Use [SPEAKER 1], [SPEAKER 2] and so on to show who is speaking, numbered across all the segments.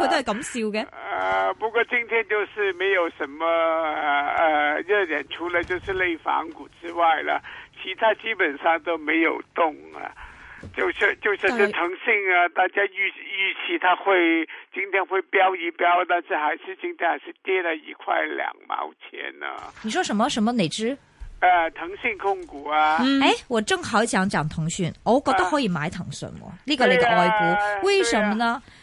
[SPEAKER 1] 佢都係
[SPEAKER 2] 咁笑嘅。誒、啊，
[SPEAKER 1] 不過今天就是沒有什麼誒熱點，除了就是內房股之外了，其他基本上都沒有動啊。就，就是就是啲騰訊啊，大家預預期它會今天會飆一飆，但是還是今天還是跌了一塊兩毛錢呢、
[SPEAKER 2] 啊。你說什麼什麼哪隻？
[SPEAKER 1] 誒、啊，騰訊控股啊。誒、嗯欸，
[SPEAKER 2] 我正好講講騰訊，我覺得可以買騰訊、啊，呢、啊、個你嘅愛股，啊、為什麼呢？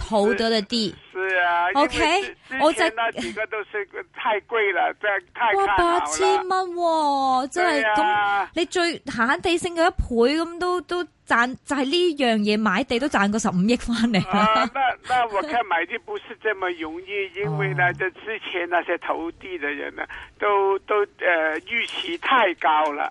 [SPEAKER 2] 投得嘅地
[SPEAKER 1] ，O K，我真那幾個都是太貴啦，太，哇，八千
[SPEAKER 2] 蚊，哦，真係咁呀，你最慳慳地升咗一倍咁都都賺，就係呢樣嘢，買地都賺過十五億翻嚟
[SPEAKER 1] 啦。那那我睇買地不是這麼容易， 因為呢，就之前那些投地的人呢，都都誒，預期太高啦。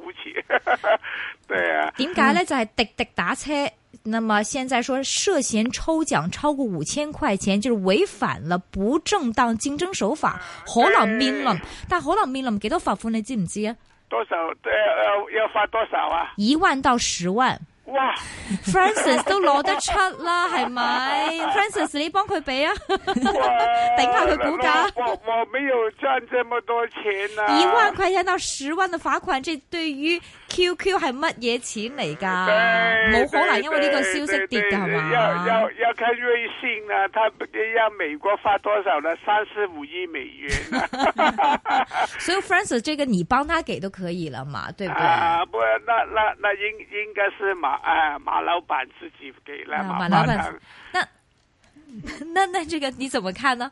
[SPEAKER 1] 對啊，點解呢？
[SPEAKER 2] 在、就是、滴滴打車，那麼現在說涉嫌抽獎超過五千塊錢，就是違反了不正當競爭手法，可能面臨，但可能面臨幾多罰款？你知唔知啊？
[SPEAKER 1] 多少？即係要要罰多少啊？
[SPEAKER 2] 一萬到十萬。哇 Francis 都攞得出啦，係咪？Francis，你幫佢俾啊，
[SPEAKER 1] 頂下佢股價。我我沒有賺這麼多錢啦、啊。一萬
[SPEAKER 2] 塊錢到十萬的罰款，這對於。Q Q 係乜嘢錢嚟噶？冇可能因為呢個消息跌噶係嘛？要要
[SPEAKER 1] 要看瑞幸啊，他要美國發多少呢？三十五億美元、
[SPEAKER 2] 啊。 所以 Francis，這個你幫他給都可以了嘛？對不對？啊，
[SPEAKER 1] 不，那那那應應該是馬，哎、啊，馬老闆自己給了馬、啊、馬老闆，上那
[SPEAKER 2] 那那這個你怎麼看呢？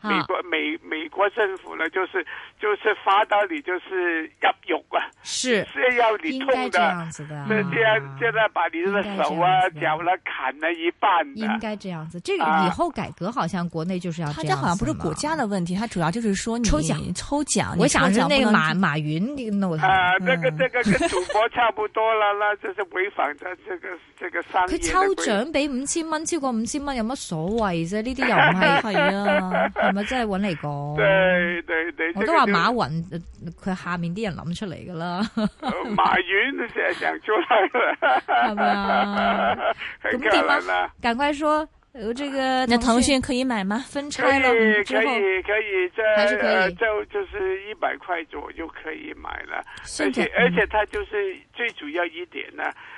[SPEAKER 1] 美國美美國政府呢，就是就是罰到你，就是要有啊，是是要你痛的。應該這樣子的。那這樣現在把你的手啊、腳呢砍了一半。應該這樣子。這個以
[SPEAKER 2] 後改革好像國內就是要。他這好像不是國家的問題，他主要就是說你抽獎抽獎。我想是那馬馬雲那我。啊，
[SPEAKER 1] 這個這個跟賭博差不多了，那就是違反這這個這個法律。他抽獎
[SPEAKER 2] 給五千蚊，超過五千蚊有乜所謂啫？呢啲又唔係係啊。係咪真係揾嚟
[SPEAKER 1] 講？
[SPEAKER 3] 我都話馬雲
[SPEAKER 2] 佢下面啲人諗出嚟噶啦。
[SPEAKER 3] 馬雲成
[SPEAKER 1] 日想出嚟啦，係嘛？咁點啊？
[SPEAKER 4] 趕快說，這個那騰訊可以買嗎？分拆咗之後，可以
[SPEAKER 1] 可以在就就是一百塊左右就可以買了。而且而且，它就是最主要一點呢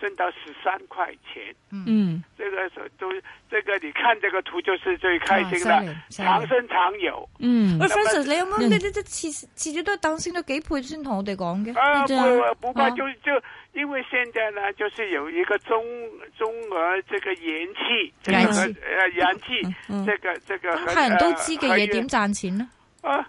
[SPEAKER 1] 掙到十三塊錢，嗯，這個都這個你看這個圖就是最開心的，長生長有，嗯，先你有冇你
[SPEAKER 2] 次次都等先都幾倍先同我哋講嘅，啊，我唔怕，就就因為
[SPEAKER 1] 現在呢，就是有一個中中俄這個燃氣，燃氣誒，燃氣，嗯，這個這個係人都知嘅嘢，點
[SPEAKER 2] 賺錢呢？啊！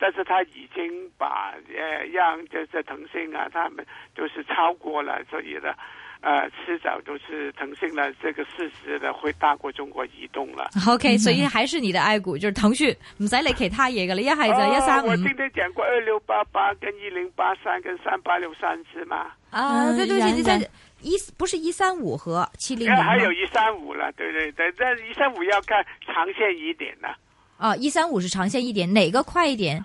[SPEAKER 1] 但是他已經把呃讓就是騰訊啊，他們就是超過了，所以呢，呃，遲早都是騰訊了，這個市值呢會大過中國移動了。OK，嗯、
[SPEAKER 2] 所以還是你的愛股就是騰訊，唔使理其他嘢嘅啦，一係就一三五。我今
[SPEAKER 1] 天講過二六八八跟一零八三跟三八六三係嘛。啊，對對對，對，對，三
[SPEAKER 2] 一不是一三五和七零零、呃、還有
[SPEAKER 1] 一三五了，對，對對對，但一三五要看長線一點呢、啊。
[SPEAKER 2] 啊，一三五是長線一點，哪個快一點？